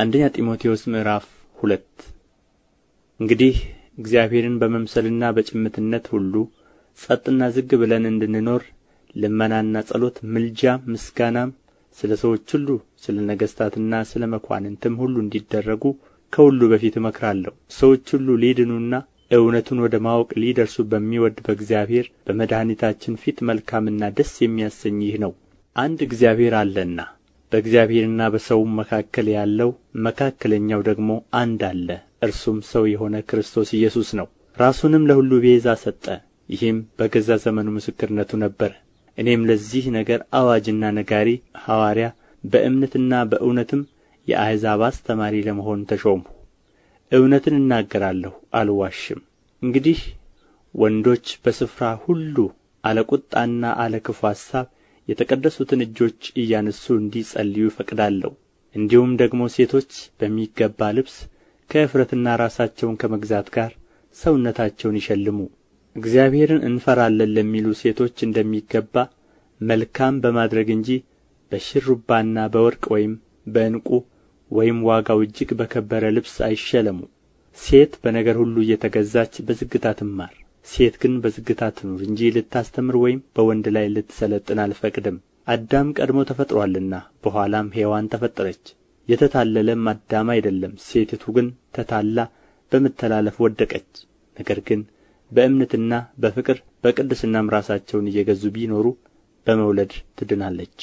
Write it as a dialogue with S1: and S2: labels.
S1: አንደኛ ጢሞቴዎስ ምዕራፍ ሁለት እንግዲህ እግዚአብሔርን በመምሰልና በጭምትነት ሁሉ ጸጥና ዝግ ብለን እንድንኖር ልመናና ጸሎት ምልጃም ምስጋናም ስለ ሰዎች ሁሉ ስለ ነገሥታትና ስለ መኳንንትም ሁሉ እንዲደረጉ ከሁሉ በፊት እመክራለሁ ሰዎች ሁሉ ሊድኑና እውነቱን ወደ ማወቅ ሊደርሱ በሚወድ በእግዚአብሔር በመድኃኒታችን ፊት መልካምና ደስ የሚያሰኝ ይህ ነው አንድ እግዚአብሔር አለና በእግዚአብሔርና በሰውም መካከል ያለው መካከለኛው ደግሞ አንድ አለ እርሱም ሰው የሆነ ክርስቶስ ኢየሱስ ነው ራሱንም ለሁሉ ቤዛ ሰጠ ይህም በገዛ ዘመኑ ምስክርነቱ ነበር። እኔም ለዚህ ነገር አዋጅና ነጋሪ ሐዋርያ በእምነትና በእውነትም የአሕዛብ አስተማሪ ለመሆን ተሾምሁ እውነትን እናገራለሁ አልዋሽም እንግዲህ ወንዶች በስፍራ ሁሉ አለቁጣና ቁጣና አለ ክፉ ሐሳብ የተቀደሱትን እጆች እያነሱ እንዲጸልዩ እፈቅዳለሁ እንዲሁም ደግሞ ሴቶች በሚገባ ልብስ ከእፍረትና ራሳቸውን ከመግዛት ጋር ሰውነታቸውን ይሸልሙ እግዚአብሔርን እንፈራለን ለሚሉ ሴቶች እንደሚገባ መልካም በማድረግ እንጂ በሽሩባና በወርቅ ወይም በዕንቁ ወይም ዋጋው እጅግ በከበረ ልብስ አይሸለሙ ሴት በነገር ሁሉ እየተገዛች በዝግታ ትማር ሴት ግን በዝግታ ትኑር እንጂ ልታስተምር ወይም በወንድ ላይ ልትሰለጥን አልፈቅድም አዳም ቀድሞ ተፈጥሮአልና በኋላም ሔዋን ተፈጠረች የተታለለም አዳም አይደለም ሴቲቱ ግን ተታላ በመተላለፍ ወደቀች ነገር ግን በእምነትና በፍቅር በቅድስናም ራሳቸውን እየገዙ ቢኖሩ በመውለድ ትድናለች